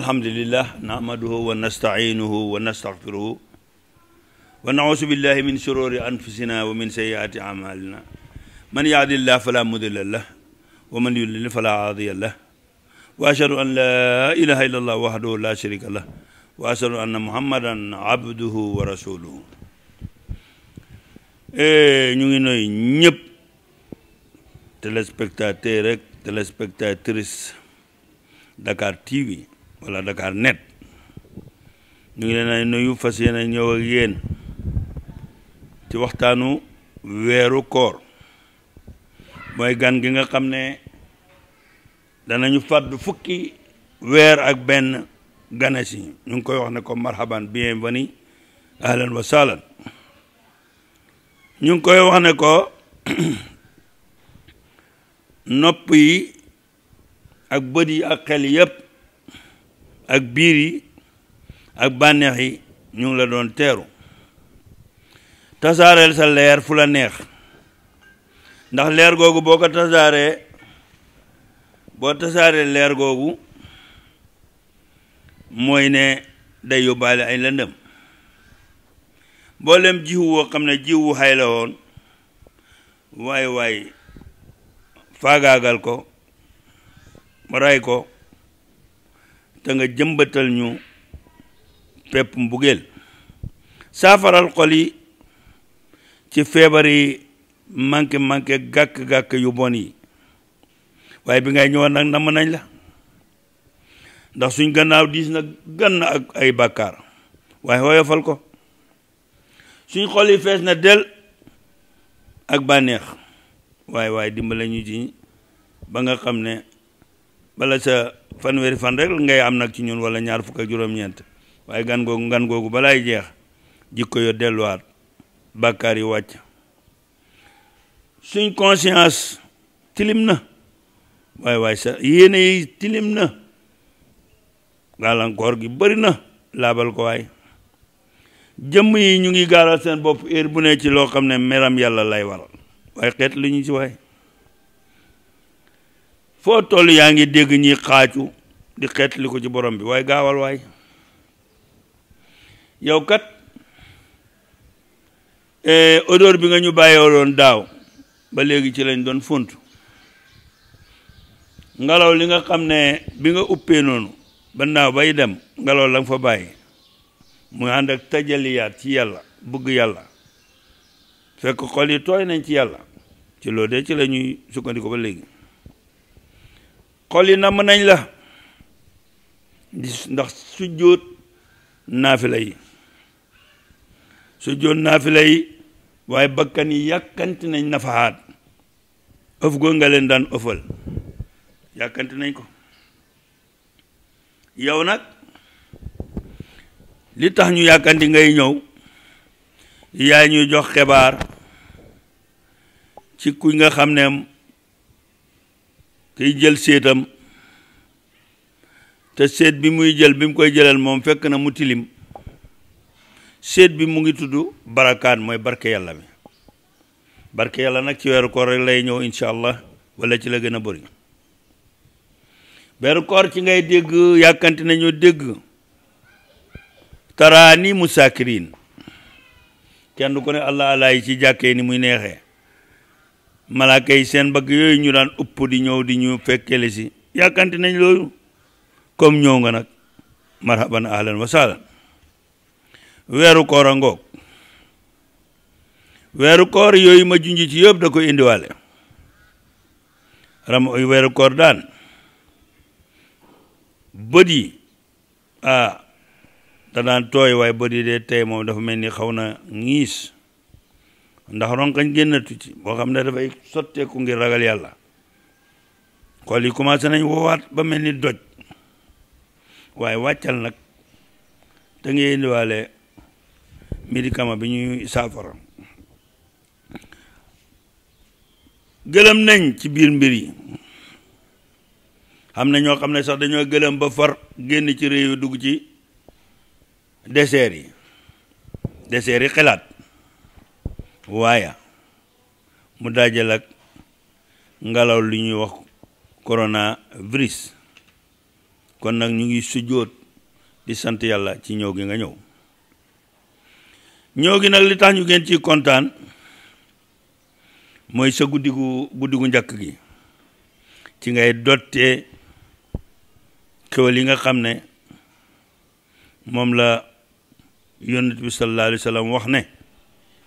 الحمد لله نحمده ونستعينه ونستغفره ونعوذ بالله من شرور أنفسنا ومن سيئات أعمالنا من يهد الله فلا مضل له ومن يضلل فلا هادي له وأشهد أن لا إله إلا الله وحده لا شريك له وأشهد أن محمدا عبده ورسوله ñu ngi nuyu ñëpp téléspectateur rek téléspectatrice Dakar TV wala Dakar net ñu ngi leen ay nuyu fas yéene ñëw ak yéen ci waxtaanu weeru koor mooy gan gi nga xam ne danañu fàddu fukki weer ak benn ganes yi ñu ngi koy wax ne ko marhaban bienvenue ahlan wa sahlan ñu ngi koy wax ne ko nopp yi ak bët yi ak xel yépp ak biir yi ak bànneex yi ñu ngi la doon teeru tasaareel sa leer fu la neex ndax leer googu boo ko tasaaree boo tasaaree leer googu mooy ne day yóbbaale ay lëndëm mboolem jiw woo xam ne jiwu xay la woon waay waay faagaagal ko ray ko te nga jëmbatal ñu pepp mbugeel saafaral xol yi ci feebar yi manqué-manqué gàkk-gàkk yu bon yi waaye bi ngay ñëwoon nag nañ la ndax suñ gannaaw diis na gann ak ay bàkkaar waaye woyofal ko suñ xol yi fees na del ak bànneex waaye waaye dimbale ñu ci ba nga xam ne bala sa fanweeri fan rek ngay am nag ci ñun wala ñaar fukk ak juróom-ñeent waaye gan googu gan googu balaay jeex jikko yo delluwaat bàkkaar yi wàcc suñ conscience tilim na waaye waaye sa yéene yi tilim na gàllankoor gi bëri na laabal ko waay jëmm yi ñu ngi gaaral seen bopp heure bu ne ci loo xam ne meram yàlla lay waral waaye xeet lu ñu ci waay foo toll yaa ngi dégg ñi xaacu di xeetli ko ci borom bi waaye gaawal waay yow kat eh, odeur bi nga ñu bàyyeeloon daaw ba léegi ci lañ doon funt ngelaw li nga xam ne bi nga uppee noonu ba naaw bay dem ngelaw la nga fa bàyyi mu ànd ak tajaliyaat ci yàlla bugg yàlla fekk xol yi tooy nañ ci yàlla ci loolu de ci la ñuy sukkandiku ba léegi xol yi mën nañ la ndax sujjóot naafila yi sujjóot naafila yi waaye bakkan yi yàkkanti nañ nafaxaat ëf goo nga leen daan ëfal yàkkanti nañ ko yow nag li tax ñu yàkkanti ngay ñëw yaa ñuy jox xibaar ci kuñ nga xam ne kiy jël séetam te seet bi muy jël bi mu koy jëlal moom fekk na mu tilim seet bi mu ngi tudd barakaan mooy barke yàlla mi barke yàlla nag ci weeru koor rek lay ñëw incha allah wala ci la gën a bëri weeru koor ci ngay dégg yàkkanti nañu dégg taraani musakirin kenn ku ne allah alaay ci jàkkee ni muy neexee malaaka yi seen bëgg yooyu ñu daan upp di ñëw di ñu fekkele si yàkkanti nañ loolu comme ñëw nga nag marhaban ahlan wa weeru koor a ngoog weeru koor yooyu ma junj ci yëpp da koy indiwaale ram weeru koor daan bët yi ah da daan tooy waaye bët yi dee tey moom dafa mel ni xaw na ngiis ndax ronkañ génn ci boo xam ne dafay sotteeku ngi ragal yàlla xool yi commencé nañ woowaat ba mel ni doj waaye wàccal nag te ngay indiwaale médicament bi ñuy saafara gëlëm nañ ci biir mbir yi am na ñoo xam ne sax dañoo gëlëm ba far génn ci réew dugg ci désert yi désert yi xelaat waaye mu dajal ak ngelaw lu ñuy wax coronavirus kon nag ñu ngi sujjóot di sant yàlla ci ñëw gi nga ñëw ñëw gi nag li tax ñu gën ci kontaan mooy sa guddigu guddigu njëkk gi ci ngay dottee xéwal yi nga xam ne moom la yonent bi sallallahu alayhi wa sallam wax ne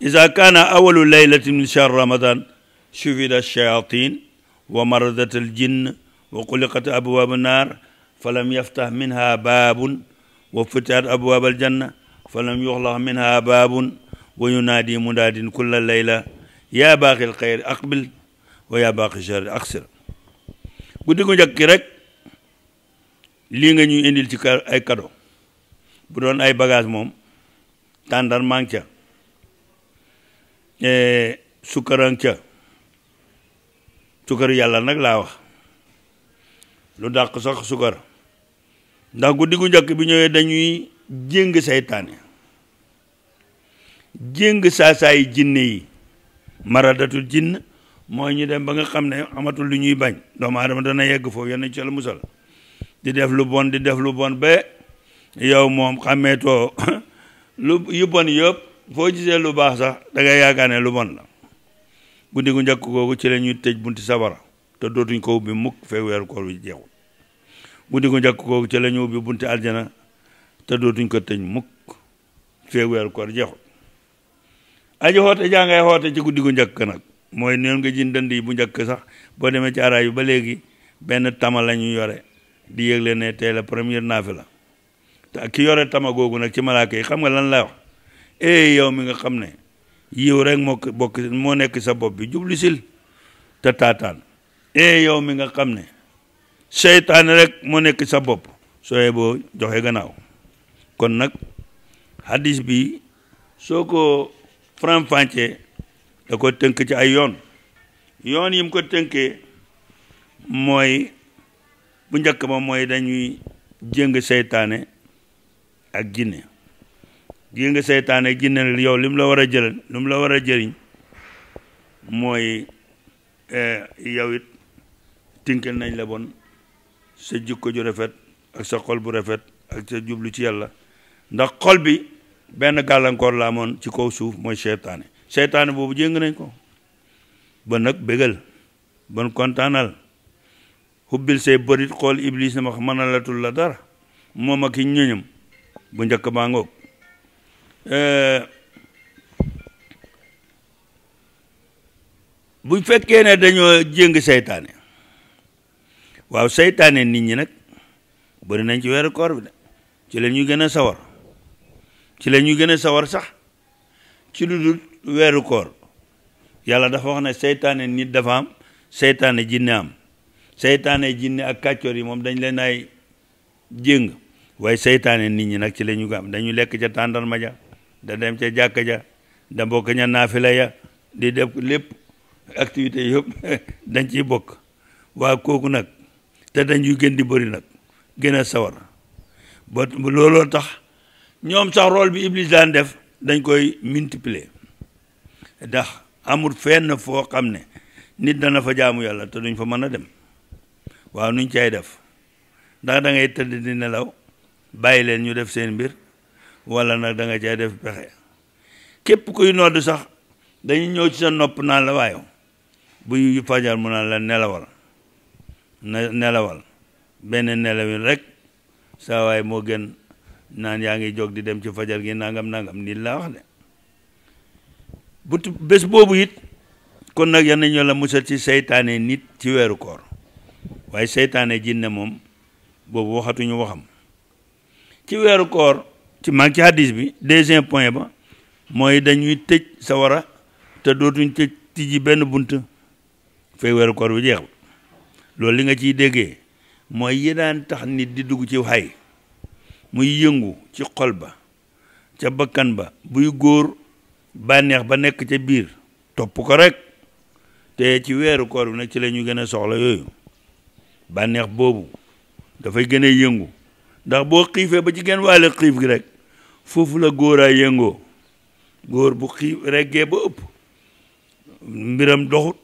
ida kaana awalu laylatin min shahr ramadan shufida shayatin wa maradat aljinn wa xuliqat abwaabu naar falam yaftax minha baabun wa futihat abwaab aljanna falam yuxlax minha baabun wa yunaadi munaadin kulla layla yaa baaqi alxayr aqbil wa yaa baaqi shar aqsir guddi gu njëkk rek lii nga ñuy indil ci ay cadeau bu doon ay bagage moom tàndar manca Eh, sukkaran ca sukkaru yàlla nag laa wax lu dàq sax sukkar ndax guddi gu njëkk bi ñëwee dañuy jéng saytaane jéng saasaay jinne yi maradatul jinn mooy ñu dem ba nga xam ne amatul lu ñuy bañ doomu aadama dana yegg foofu yenn ci la musal di def lu bon di def lu bon ba yow moom xàmmeetoo lu yu bon yëpp foo gisee lu baax sax dangay ngay yaakaar ne lu bon la guddi gu njëkk kooku ci la ñuy tëj bunti safara te dootuñ ko ubbi mukk fekk weeru koor bi jeexul guddi gu ñu ubbi bunti aljana te dootuñ ko tëj mukk fekk weeru koor jeexul aji xoote jaa ngay xoote ci guddi gu njëkk nag mooy neen nga jin dënd yi bu njëkk sax boo demee ci araab yi ba léegi benn tama la ñu yore di yëgle ne tey la première naafi la te ki yore tama googu nag ci malaaka yi xam nga lan la wax eh yow mi nga xam ne yiw rek moo bokk moo nekk sa bopp bi jublu sil te taataan eh yow mi nga xam ne seytaane rek moo nekk sa bopp sooye boo joxe gannaaw kon nag hadis bi soo ko faram da ko tënk ci ay yoon yoon yim ko tënkee mooy bu njëkk ba mooy dañuy jëng seytaane ak jinne gi nga seytaane jinne yow li mu la war a jëlal li mu la war a jëriñ mooy eh, yow it tinkal nañ la bon sa jikko ju rafet ak sa xol bu rafet ak sa jublu ci yàlla ndax xol bi benn gàllankoor la amoon ci kaw suuf mooy seytaane seytaane boobu jéng nañ ko ba nag bégal ban kontaanal xubbil say bërit xool iblis na ma la dara moom ak i ñoñam bu njëkk baa Eh, bu fekkee ne dañoo jéng seytaane waaw seytaane nit ñi nag bëri nañ ci weeru koor bi de ci la ñuy gën a sawar ci la ñuy gën a sawar sax ci lu dul weeru koor yàlla dafa wax ne seytaane nit dafa seytaane jinne am seytaane jinne ak kàccoor yi moom dañ leen nay jéng waaye seytaane nit ñi nag ci la ñu ko am dañu lekk ca tàndarma ja da dem ca jàkka ja da bokk ña naafila ya di def lépp activité yëpp dañ ciy bokk waa kooku nag te dañ yu gën di bëri nag gën sawar ba looloo tax ñoom sax rôle bi Iblis daan def dañ koy multiplier ndax amul fenn foo xam ne nit dana fa jaamu yàlla te duñ fa mën a dem waaw nuñ cay def ndax da tëdd di nelaw bàyyi leen ñu def seen mbir wala nag da nga cee def pexe képp kuy nodd sax dañu ñëw ci sa nopp naan la waayo bu fajar mu naan la nelawal nelawal benn nelawin rek sa waay moo gën naan yaa ngi jóg di dem ci fajar gi nangam nangam nii la wax de butu bés boobu it kon nag yal nañu la musal ci seytaane nit ci weeru koor waaye seytaane jinne moom boobu waxatuñu waxam ci weeru koor ci maa ci hadis bi deuxième point ba mooy dañuy tëj sawara te dootuñ tëj tijji benn bunt fay weeru koor bi jeexul loolu li nga ciy déggee mooy yi daan tax nit di dugg ci xay muy yëngu ci xol ba ca bakkan ba buy góor bànneex ba nekk ca biir topp ko rek te ci weeru koor bi nag ci la ñu gën a soxla yooyu bànneex boobu dafay gën a yëngu ndax boo xiifee ba ci genn wàlle xiif gi rek foofu la góor a yëngoo góor bu xiif reggee ba ëpp mbiram doxut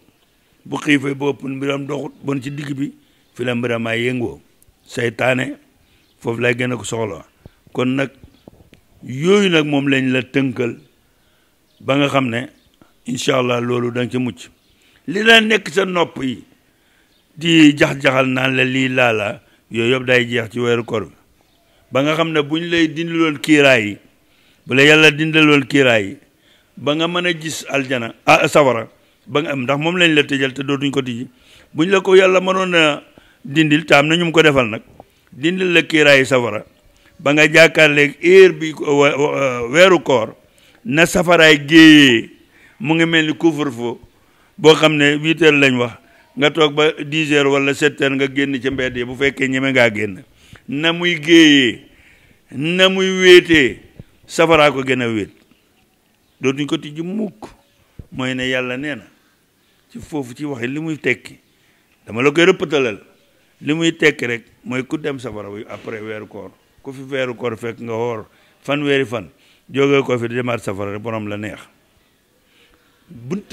bu xiifee ba ëpp mbiram doxut bon ci digg bi fi la mbiram ay yëngoo seytaane foofu lay gën ko soxla kon nag yooyu nag moom lañ la tënkal ba nga xam ne incha allah loolu da nga ci mucc li la nekk sa nopp yi di jax-jaxal naan la lii laa la yooyu yëpp day jeex ci weeru kor ba nga xam ne bu ñu lay dindaloon kiiraay yi bu la yàlla dindaloon kiiraay yi ba nga mën a gis aljana ah sawara ba nga am ndax moom lañ la tëjal te dootuñ ko tijji buñ la ko yàlla mënoon a dindil te am na ñu mu ko defal nag dindil la yi sawara ba nga jàkkaarleeg heure bi weeru koor na safaraay géeyee mu ngi mel ni couvre-feu boo xam ne huit heures lañ wax nga toog ba dix heures wala sept nga génn ci mbedd yi bu fekkee ñeme ngaa génn na muy géeyee na muy wéetee safaraa ko gën a wéet dootuñ ko tijji mukk mooy ne yàlla nee ci foofu ci waxi li muy tekki dama la koy rëppatalal li muy tekki rek mooy ku dem safara wi après weeru koor ku fi weeru koor fekk nga woor fan weeri fan jóge ko fi demaat safara rek boroom la neex bunt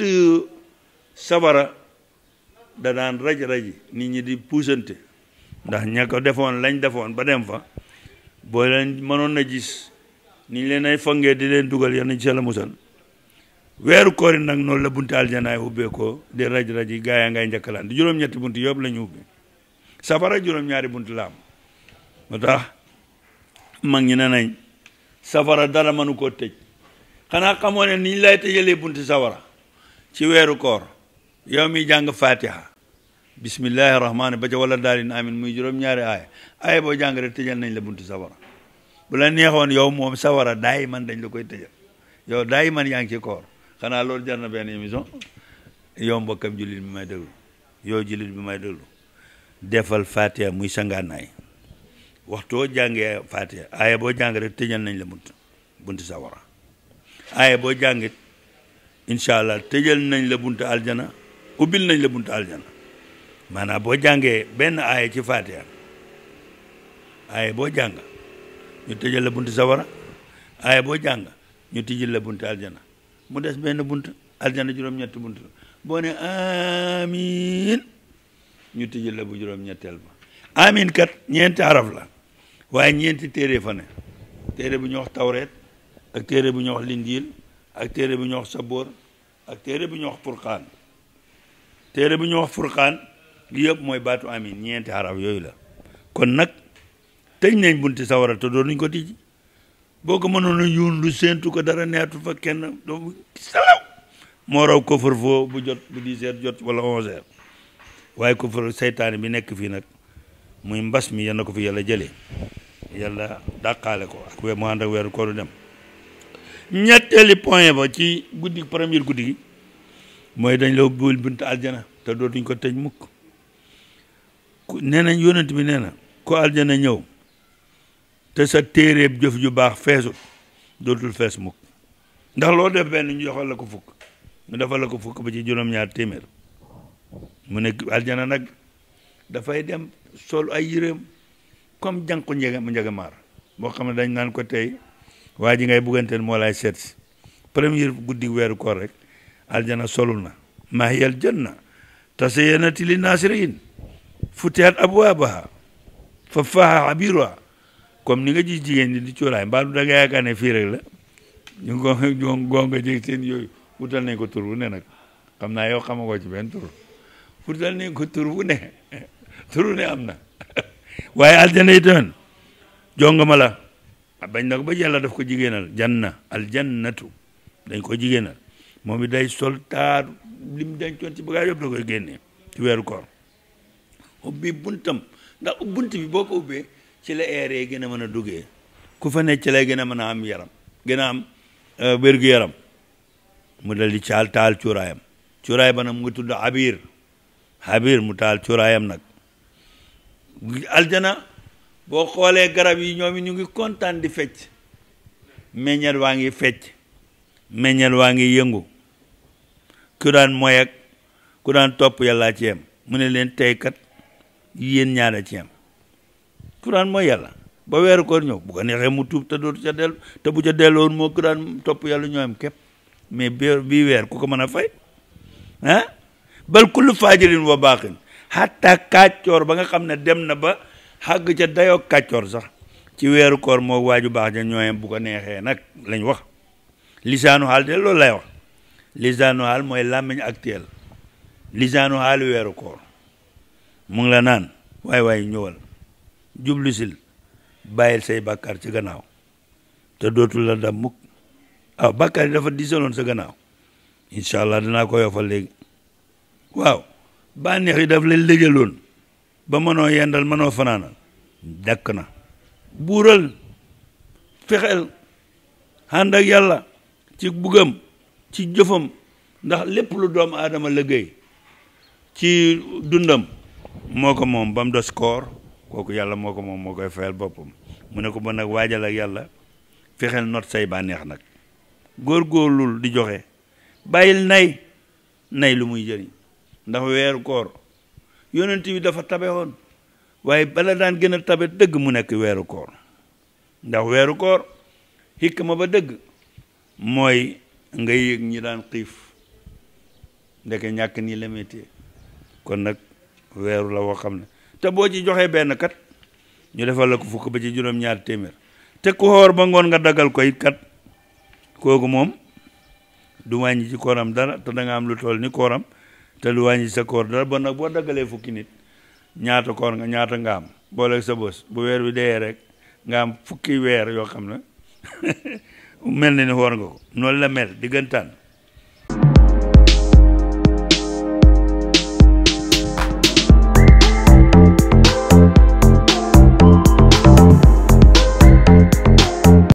safara da daan raj raji nit ñi di puusante ndax ña ko defoon lañ defoon ba dem fa boo leen mënoon na gis niñ leen ay fangee di leen dugal yal nañ ci Yàlla musal weeru koor yi nag noonu la bunti aljanaay ubbee ko di raj-raj yi gaa yaa ngay njëkkalaan di juróom-ñetti bunt yëpp la ñu ubbi safara juróom-ñaari bunt la am moo tax mag ñi ne nañ safara dara mënu koo tëj xanaa xamoo ne niñ lay tëjalee bunt safara ci weeru koor yow mi jàng fatiha bismillahi rahmaani ba ca wala daalin amin muy juróom-ñaari aaya aaya boo jàng rek tëjal nañ la buntu sawara bula neexoon yow moom sawara daay man dañ la koy tëjal yow daay man yaa ngi ci koor xanaa loolu jar na benn émission yow mbokkam jullit bi may déglu yow jullit bi may déglu defal fatiha muy sangaanaay waxtu boo jàngee fatiha aaya boo jàng rek tëjal nañ la buntu buntu sawara aaya boo jàngit incha allah tëjal nañ la bunt aljana ubbil nañ la bunt aljana maanaa boo jàngee benn aaya ci Fatiha aaya boo jàng ñu tëjal la buntu sawara aaya boo jàng ñu tijjil la buntu aljana mu des benn bunt aljana juróom-ñetti buntu boo ne amiin ñu tijjil la bu juróom-ñetteel ba amiin kat ñeenti araf la waaye ñeenti téere fa ne téere bu ñu wax tawreet ak téere bu ñu wax lindiil ak téere bu ñu wax sabóor ak téere bu ñu wax furqaan téere bu ñu wax furqaan li mooy baatu amin ñeenti xaraf yooyu la kon nag tëj nañ bunti sawara te doonuñ ko tijji ko mënoon a yuundu séentu ko dara neetu fa kenn doo salaw moo bu jot bu dix jot wala onze heures bi nekk fii nag muy mbas mi yal na ko fi yàlla jëlee yàlla dàqaale ko ak mu ànd ak weeru kooru ci guddi premier dañ la buul buntu aljana te ko tëj mukk nee nañ yonent bi nee na ku aljana ñëw te sa téeréeb jëf ju baax feesu dootul fees mukk ndax loo def benn ñu joxal la ko fukk ñu defal la ko fukk ba ci juróom-ñaar téeméer mu nekk aljana nag dafay dem sol ay yëreem comme jànku njëga njëgamaar boo xam ne dañ naan ko tey waa ji ngay bugganteel moo lay seet si première guddi weeru koor rek aljana solul na mahiyal janna tase yenati li naasiriin futihat abwaabaha faffaaha abiruha comme ni nga ji jigéen ñi di cuuraay mbaalu da nga yaakaar ne fii rek la ñu ngi gonga jeg seen yooyu utal nañ ko tur bu ne nag xam naa yow xamagoo ci ji tur utal ko tur bu ne tur ne am na waaye aljana itamit jongama la bañ na ko ba yàlla daf ko jigéenal janna aljannatu dañ ko jigéenal moom it day sol taar lim dencoon ci bagage yëpp da koy génne ci weeru koor ubbi buntam ndax bunt bi boo ko ubbee ci la air yi gën a mën a duggee ku fa ne ci lay gën a mën a am yaram gën a am euh, wérgu yaram mu dal di caal taal cuuraayam cuuraay ba na mu tudd habir habir mu taal cuuraayam nag aljana boo xoolee garab yi ñoom ñu ngi kontaan di fecc meññal waa ngi fecc meññal waa ngi yëngu ku daan moy ku daan topp yàllaa ci mu ne leen tey kat yéen ñaan a ci am Quraan mooy yàlla ba weeru koor ñëw bu neexee mu tuub te dootu ca dellu te bu ca delloo woon moo Quraan topp yàlla ñoo am képp mais bi weer ku ko mën a fay ah bal kullu faajirin wa baaxin xatta kàccoor ba nga xam ne dem na ba xàgg ca dayoo kàccoor sax ci weeru koor moo waaju baax ja ñooyam bu ko neexee nag lañ wax lisaanu xaal de loolu lay wax lisaanu xaal mooy làmmiñ actuel lisaanu xaal weeru koor mu ngi la naan waay waay ñëwal jublu sil bàyyil say bàkkaar ci gannaaw te dootul la dam mukk ah bàkkaar yi dafa diisaloon sa gannaaw incha allah dinaa ko yofal léegi waaw bànneex yi daf leen légaloon ba mënoo yendal manoo fanaanal dakk na buural fexeel ànd ak yàlla ci buggam ci jëfam ndax lépp lu doomu aadama liggéey ci dundam moo ko moom ba mu dos koor kooku yàlla moo ko moom moo koy fayal boppam mu ne ko ba nag waajal ak yàlla fexeel not say bànneex nag góor góorgóorlul di joxe bàyyil nay nay lu muy jëriñ ndax weeru koor yonent bi dafa tabe woon waaye bala daan gën a tabe dëgg mu nekk weeru koor ndax weeru koor ma ba dëgg mooy nga yëg ñi daan xiif ndeke ñàkk nii la kon nag weeru la woo xam ne te boo ci joxee benn kat ñu defal la ko fukk ba ci juróom-ñaar téeméer te ku xoor ba ngoon nga dagal koy kat kooku moom du wàññi ci kooram dara te da am lu tool ni kooram te du wàññi sa koor dara ba nag boo daggalee fukki nit ñaata koor nga ñaata nga am booleeg sa bës bu weer bi dee rek nga am fukki weer yoo xam ne mel na ni xoor nga ko noonu la mel diggantaan